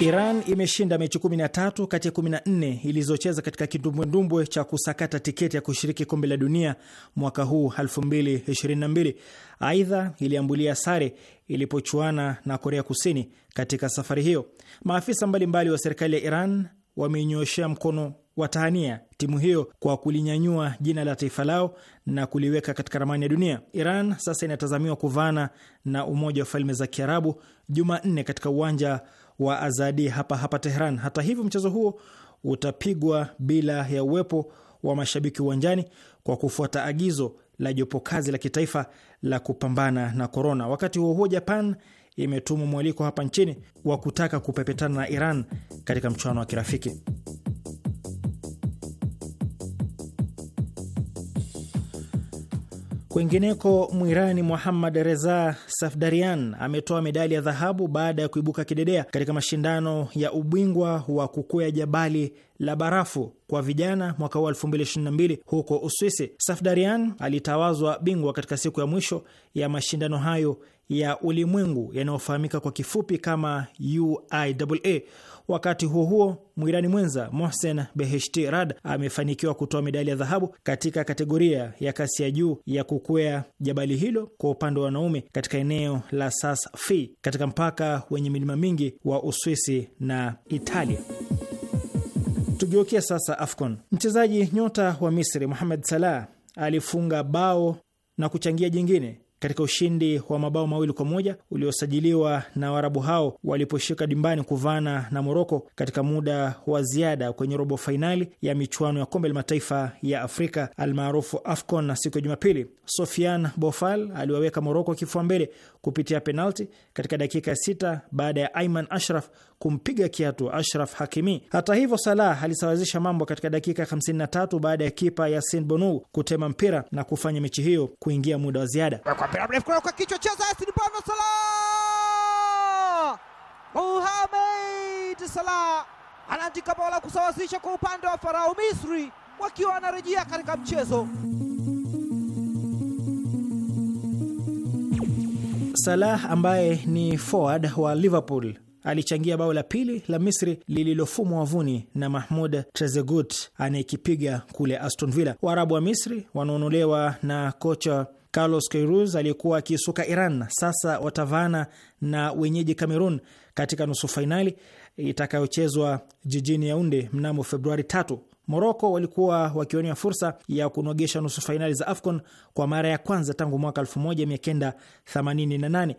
Iran imeshinda mechi 13 kati ya 14 ilizocheza katika kidumbwendumbwe cha kusakata tiketi ya kushiriki kombe la dunia mwaka huu 2022. Aidha, iliambulia sare ilipochuana na Korea Kusini katika safari hiyo. Maafisa mbalimbali wa serikali ya Iran wameinyoshea mkono wa tahania timu hiyo kwa kulinyanyua jina la taifa lao na kuliweka katika ramani ya dunia. Iran sasa inatazamiwa kuvaana na Umoja wa Falme za Kiarabu Jumanne katika uwanja wa Azadi hapa hapa Tehran. Hata hivyo, mchezo huo utapigwa bila ya uwepo wa mashabiki uwanjani kwa kufuata agizo la jopo kazi la kitaifa la kupambana na korona. Wakati huo huo, Japan imetuma mwaliko hapa nchini wa kutaka kupepetana na Iran katika mchuano wa kirafiki. Kwingineko, Mwirani Muhammad Reza Safdarian ametoa medali ya dhahabu baada ya kuibuka kidedea katika mashindano ya ubingwa wa kukwea jabali la barafu kwa vijana mwaka huu 2022 huko Uswisi. Safdarian alitawazwa bingwa katika siku ya mwisho ya mashindano hayo ya ulimwengu yanayofahamika kwa kifupi kama UIAA. Wakati huo huo, mwirani mwenza Mohsen Beheshti Rad amefanikiwa kutoa medali ya dhahabu katika kategoria ya kasi ya juu ya kukwea jabali hilo kwa upande wa wanaume katika eneo la Sas Fi katika mpaka wenye milima mingi wa Uswisi na Italia. Tugeukia sasa AFCON. Mchezaji nyota wa Misri muhamed Salah alifunga bao na kuchangia jingine katika ushindi wa mabao mawili kwa moja uliosajiliwa na Waarabu hao waliposhika dimbani kuvana na Moroko katika muda wa ziada kwenye robo fainali ya michuano ya kombe la mataifa ya Afrika almaarufu AFCON na siku ya Jumapili, Sofian Bofal aliwaweka Moroko kifua mbele kupitia penalti katika dakika ya sita baada ya Aiman Ashraf kumpiga kiatu Ashraf Hakimi. Hata hivyo, Salah alisawazisha mambo katika dakika 53 baada ya kipa Yasin Bonu kutema mpira na kufanya mechi hiyo kuingia muda wa ziada. Kwa kichwa cheza Yasin Salah Salah anaandika bao la kusawazisha kwa upande wa Farao Misri wakiwa wanarejea katika mchezo. Salah ambaye ni forward wa Liverpool alichangia bao la pili la Misri lililofumwa wavuni na Mahmud Trezegut anayekipiga kule Aston Villa. Waarabu wa Misri wanaonolewa na kocha Carlos Queiroz aliyekuwa akiisuka Iran sasa watavaana na wenyeji Cameroon katika nusu fainali itakayochezwa jijini Yaunde mnamo Februari tatu. Moroko walikuwa wakionia fursa ya kunogesha nusu fainali za AFCON kwa mara ya kwanza tangu mwaka 1988.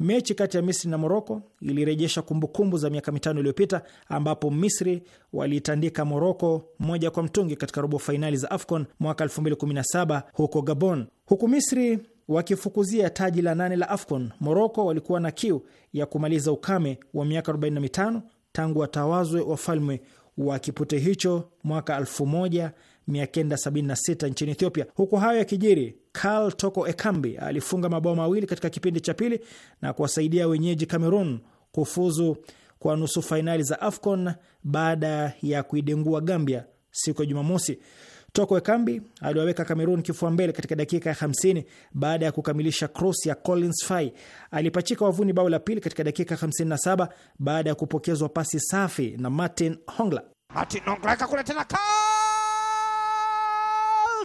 Mechi kati ya Misri na Moroko ilirejesha kumbukumbu za miaka mitano iliyopita ambapo Misri waliitandika Moroko moja kwa mtungi katika robo fainali za AFCON mwaka 2017 huko Gabon. Huku Misri wakifukuzia taji la nane la AFCON, Moroko walikuwa na kiu ya kumaliza ukame wa miaka 45 tangu watawazwe wafalme wa kipute hicho mwaka 1 1976 nchini Ethiopia. Huku hayo yakijiri, Karl Toko Ekambi alifunga mabao mawili katika kipindi cha pili na kuwasaidia wenyeji Cameroon kufuzu kwa nusu fainali za AFCON baada ya kuidengua Gambia siku ya Jumamosi. Toko Ekambi aliwaweka Cameroon kifua mbele katika dakika ya 50 baada ya kukamilisha cross ya Collins Fay. Alipachika wavuni bao la pili katika dakika 57 baada ya kupokezwa pasi safi na Martin Hongla. Martin Hongla akakuletea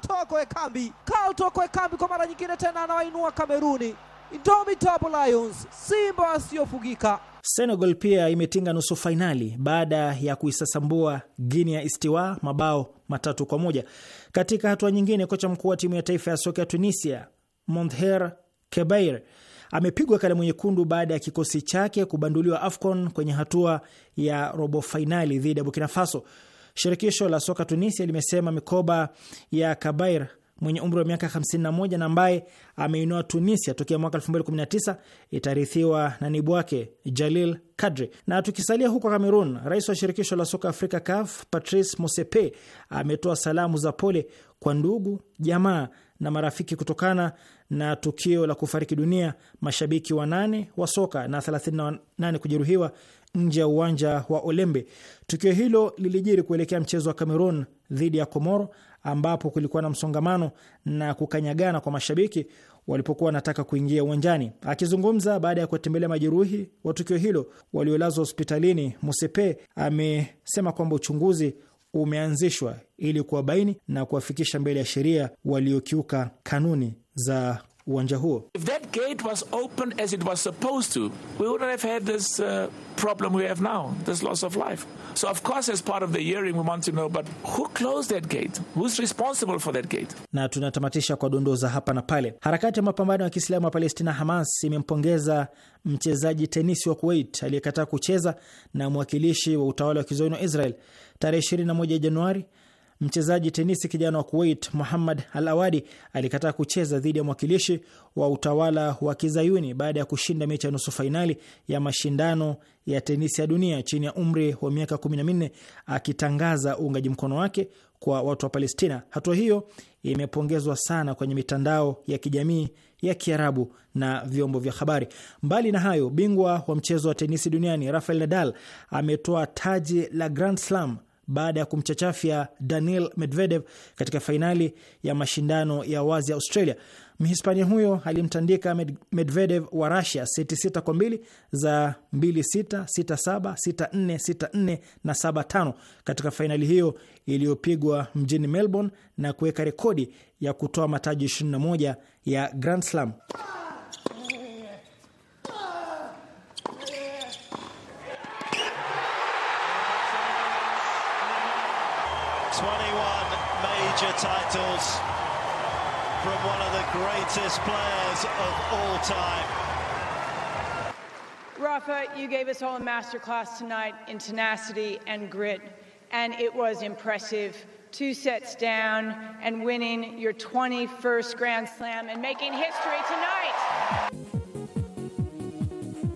kutoka kwa e kambi, CAL toka e kambi kwa mara nyingine tena, anawainua Kameruni. Indomitable Lions, Simba asiyofugika. Senegal pia imetinga nusu fainali baada ya kuisasambua Guinea Istiwa mabao matatu kwa moja. Katika hatua nyingine, kocha mkuu wa timu ya taifa ya soka ya Tunisia Monther Kebair amepigwa kalamu nyekundu baada ya kikosi chake kubanduliwa AFCON kwenye hatua ya robo fainali dhidi ya Burkina Faso. Shirikisho la soka Tunisia limesema mikoba ya Kabair mwenye umri wa miaka 51 na ambaye ameinua Tunisia tokea mwaka 2019 itarithiwa na nibu wake Jalil Kadri. Na tukisalia huko Cameroon, rais wa shirikisho la soka Afrika CAF Patrice Mosepe ametoa salamu za pole kwa ndugu, jamaa na marafiki kutokana na tukio la kufariki dunia mashabiki wanane wa soka na 38 kujeruhiwa nje ya uwanja wa Olembe. Tukio hilo lilijiri kuelekea mchezo wa Cameroon dhidi ya Komoro, ambapo kulikuwa na msongamano na kukanyagana kwa mashabiki walipokuwa wanataka kuingia uwanjani. Akizungumza baada ya kuwatembelea majeruhi wa tukio hilo waliolazwa hospitalini, Musepe amesema kwamba uchunguzi umeanzishwa ili kuwabaini na kuwafikisha mbele ya sheria waliokiuka kanuni za uwanja huo. If that gate was open as it was supposed to, we wouldn't have had this uh, problem we have now, this loss of life. So of course as part of the hearing we want to know but who closed that gate? Who's responsible for that gate? Na tunatamatisha kwa dondoo za hapa na pale. Harakati ya mapambano ya Kiislamu ya Palestina Hamas imempongeza mchezaji tenisi wa Kuwait aliyekataa kucheza na mwakilishi wa utawala wa kizayuni wa Israel tarehe 21 Januari mchezaji tenisi kijana wa Kuwait Muhammad Al Awadi alikataa kucheza dhidi ya mwakilishi wa utawala wa kizayuni baada ya kushinda mechi ya nusu fainali ya mashindano ya tenisi ya dunia chini ya umri wa miaka 14 akitangaza uungaji mkono wake kwa watu wa Palestina. Hatua hiyo imepongezwa sana kwenye mitandao ya kijamii ya Kiarabu na vyombo vya habari. Mbali na hayo, bingwa wa mchezo wa tenisi duniani Rafael Nadal ametoa taji la Grand Slam baada ya kumchachafya Daniil Medvedev katika fainali ya mashindano ya wazi ya Australia. Mhispania huyo alimtandika Medvedev wa Russia seti sita kwa mbili za mbili sita sita saba sita nne sita nne na saba tano katika fainali hiyo iliyopigwa mjini Melbourne na kuweka rekodi ya kutoa mataji 21 ya Grand Slam. titles from one of the greatest players of all time. Rafa, you gave us all a masterclass tonight in tenacity and grit, and it was impressive. Two sets down and winning your 21st Grand Slam and making history tonight.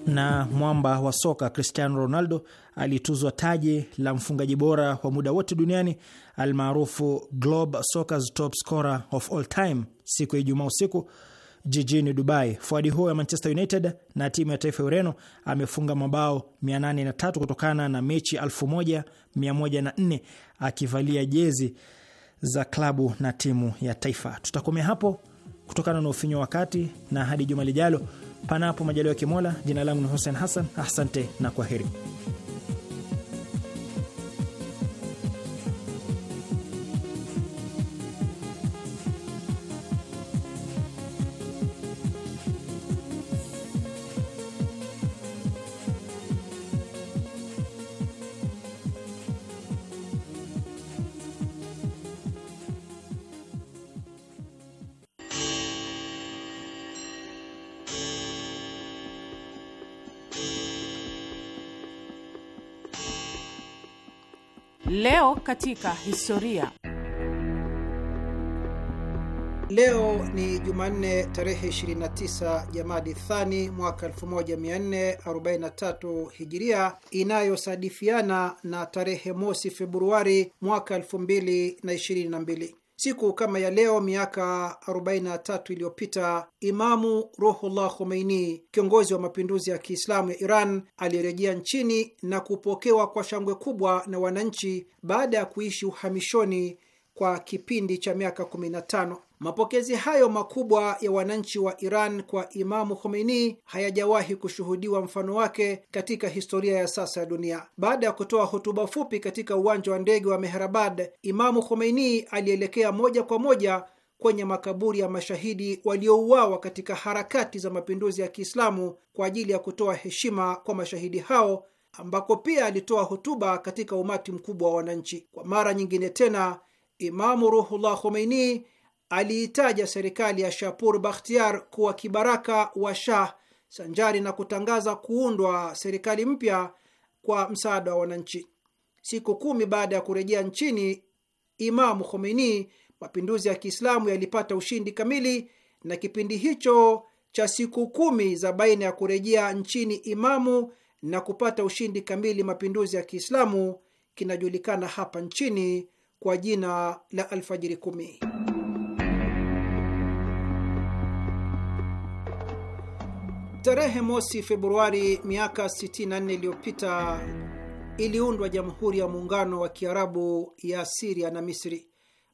na mwamba wa soka Cristiano Ronaldo alituzwa taji la mfungaji bora wa muda wote duniani almaarufu Globe Soccer's Top Scorer of All Time siku ya Ijumaa usiku jijini Dubai. Fuadi huo ya Manchester United na timu ya taifa ya Ureno amefunga mabao 803 kutokana na mechi 1104 akivalia jezi za klabu na timu ya taifa. Tutakomea hapo kutokana na ufinyo wa wakati, na hadi juma lijalo panapo majaliwa ya Kimola. Jina langu ni Hussein Hassan, asante na kwa heri katika historia. Leo ni Jumanne tarehe 29 Jamadi Thani mwaka 1443 Hijiria, inayosadifiana na tarehe mosi Februari mwaka 2022. Siku kama ya leo miaka 43 iliyopita Imamu Ruhullah Khomeini, kiongozi wa mapinduzi ya Kiislamu ya Iran, alirejea nchini na kupokewa kwa shangwe kubwa na wananchi baada ya kuishi uhamishoni kwa kipindi cha miaka 15. Mapokezi hayo makubwa ya wananchi wa Iran kwa Imamu Khomeini hayajawahi kushuhudiwa mfano wake katika historia ya sasa ya dunia. Baada ya kutoa hotuba fupi katika uwanja wa ndege wa Mehrabad, Imamu Khomeini alielekea moja kwa moja kwenye makaburi ya mashahidi waliouawa katika harakati za mapinduzi ya Kiislamu kwa ajili ya kutoa heshima kwa mashahidi hao, ambako pia alitoa hotuba katika umati mkubwa wa wananchi. Kwa mara nyingine tena, Imamu Ruhullah Khomeini aliitaja serikali ya Shapur Bakhtiar kuwa kibaraka wa Shah sanjari na kutangaza kuundwa serikali mpya kwa msaada wa wananchi. Siku kumi baada ya kurejea nchini Imamu Khomeini, mapinduzi ya Kiislamu yalipata ushindi kamili, na kipindi hicho cha siku kumi za baina ya kurejea nchini Imamu na kupata ushindi kamili mapinduzi ya Kiislamu kinajulikana hapa nchini kwa jina la Alfajiri Kumi. Tarehe mosi Februari miaka 64 iliyopita iliundwa Jamhuri ya Muungano wa Kiarabu ya Siria na Misri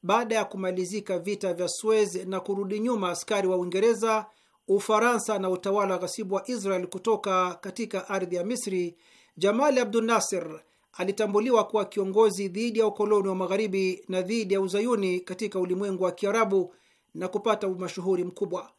baada ya kumalizika vita vya Suez na kurudi nyuma askari wa Uingereza, Ufaransa na utawala ghasibu wa Israel kutoka katika ardhi ya Misri. Jamal abdu Nasser alitambuliwa kuwa kiongozi dhidi ya ukoloni wa Magharibi na dhidi ya Uzayuni katika ulimwengu wa Kiarabu na kupata umashuhuri mkubwa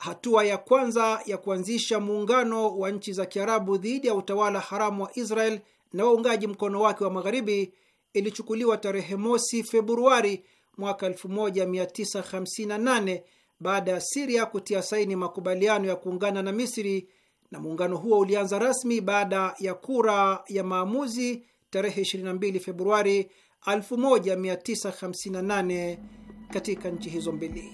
hatua ya kwanza ya kuanzisha muungano wa nchi za Kiarabu dhidi ya utawala haramu wa Israel na waungaji mkono wake wa magharibi ilichukuliwa tarehe mosi Februari mwaka 1958 baada ya Siria kutia saini makubaliano ya kuungana na Misri, na muungano huo ulianza rasmi baada ya kura ya maamuzi tarehe 22 Februari 1958 katika nchi hizo mbili.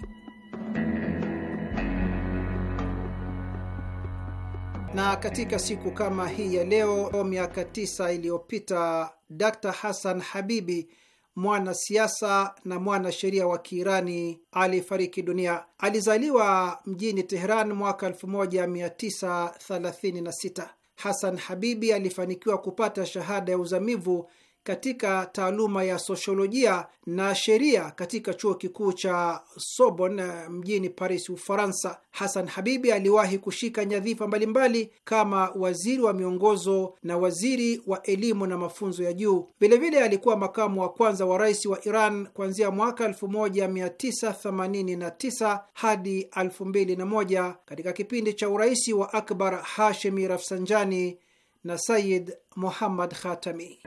Na katika siku kama hii ya leo miaka tisa iliyopita Dr Hassan Habibi mwanasiasa na mwanasheria wa Kiirani alifariki dunia. Alizaliwa mjini Teheran mwaka 1936. Hasan Habibi alifanikiwa kupata shahada ya uzamivu katika taaluma ya sosiolojia na sheria katika chuo kikuu cha Sorbonne eh, mjini Paris, Ufaransa. Hasan Habibi aliwahi kushika nyadhifa mbalimbali kama waziri wa miongozo na waziri wa elimu na mafunzo ya juu. Vilevile alikuwa makamu wa kwanza wa rais wa Iran kuanzia mwaka 1989 hadi 2001 katika kipindi cha urais wa Akbar Hashemi Rafsanjani na Sayid Muhammad Khatami.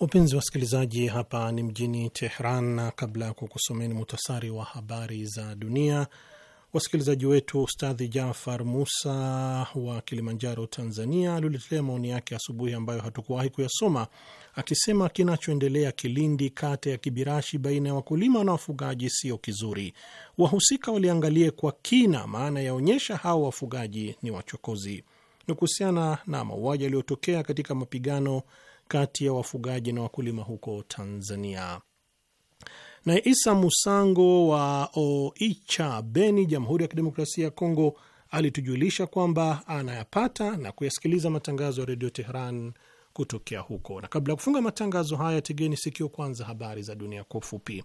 Wapenzi wasikilizaji, hapa ni mjini Tehran, na kabla ya kukusomeni muhtasari wa habari za dunia, wasikilizaji wetu Ustadhi Jafar Musa wa Kilimanjaro, Tanzania, aliletelea maoni yake asubuhi ambayo hatukuwahi kuyasoma, akisema kinachoendelea Kilindi, kata ya Kibirashi, baina ya wakulima na wafugaji sio kizuri. Wahusika waliangalie kwa kina, maana yaonyesha hawa wafugaji ni wachokozi. Ni kuhusiana na mauaji yaliyotokea katika mapigano kati ya wafugaji na wakulima huko Tanzania. Naye Isa Musango wa Oicha, Beni, Jamhuri ya Kidemokrasia ya Kongo, alitujulisha kwamba anayapata na kuyasikiliza matangazo ya Redio Teheran kutokea huko. Na kabla ya kufunga matangazo haya, tegeni sikio kwanza habari za dunia kwa ufupi.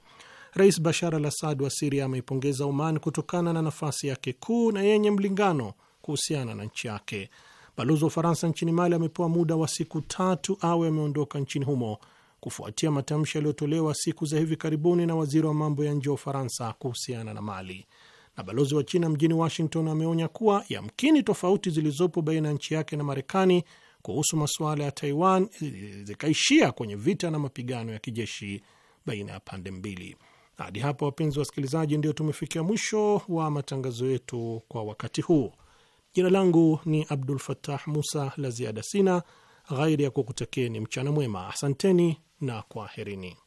Rais Bashar al Assad wa Siria ameipongeza Oman kutokana na nafasi yake kuu na yenye mlingano kuhusiana na nchi yake. Balozi wa Ufaransa nchini Mali amepewa muda wa siku tatu awe ameondoka nchini humo kufuatia matamshi yaliyotolewa siku za hivi karibuni na waziri wa mambo ya nje wa Ufaransa kuhusiana na Mali. Na balozi wa China mjini Washington ameonya kuwa yamkini tofauti zilizopo baina ya nchi yake na Marekani kuhusu masuala ya Taiwan zikaishia kwenye vita na mapigano ya kijeshi baina ya pande mbili. Hadi hapa, wapenzi wasikilizaji, ndio tumefikia mwisho wa matangazo yetu kwa wakati huu. Jina langu ni Abdul Fattah Musa. La ziada sina ghairi ya kukutakeni mchana mwema. Asanteni na kwaherini.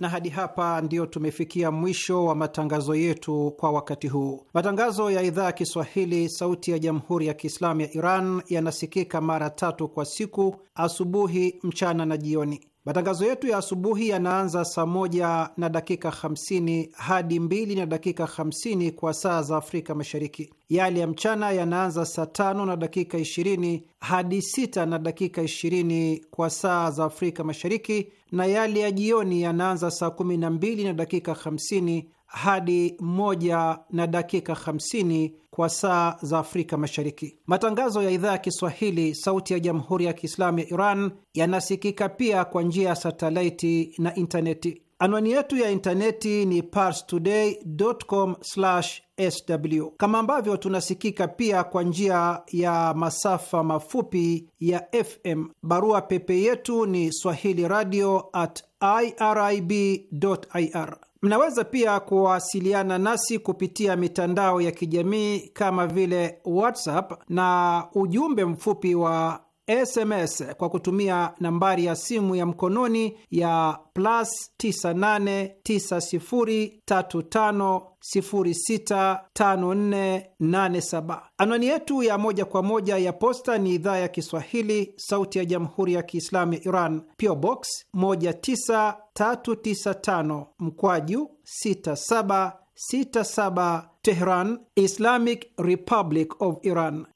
Na hadi hapa ndiyo tumefikia mwisho wa matangazo yetu kwa wakati huu. Matangazo ya idhaa ya Kiswahili sauti ya jamhuri ya Kiislamu ya Iran yanasikika mara tatu kwa siku: asubuhi, mchana na jioni. Matangazo yetu ya asubuhi yanaanza saa moja na dakika 50 hadi mbili na dakika 50 kwa saa za Afrika Mashariki. Yale ya mchana yanaanza saa tano na dakika 20 hadi sita na dakika 20 kwa saa za Afrika Mashariki, na yale ya jioni yanaanza saa 12 na dakika 50 hadi moja na dakika 50 kwa saa za Afrika Mashariki. Matangazo ya idhaa ya Kiswahili sauti ya Jamhuri ya Kiislamu ya Iran yanasikika pia kwa njia ya satelaiti na intaneti. Anwani yetu ya intaneti ni parstoday.com/sw, kama ambavyo tunasikika pia kwa njia ya masafa mafupi ya FM. Barua pepe yetu ni swahili radio at irib.ir Mnaweza pia kuwasiliana nasi kupitia mitandao ya kijamii kama vile WhatsApp na ujumbe mfupi wa SMS kwa kutumia nambari ya simu ya mkononi ya plus 989035065487. Anwani yetu ya moja kwa moja ya posta ni idhaa ya Kiswahili, sauti ya jamhuri ya kiislamu ya Iran, PO Box 19395 mkwaju 6767 Tehran, Islamic Republic of Iran.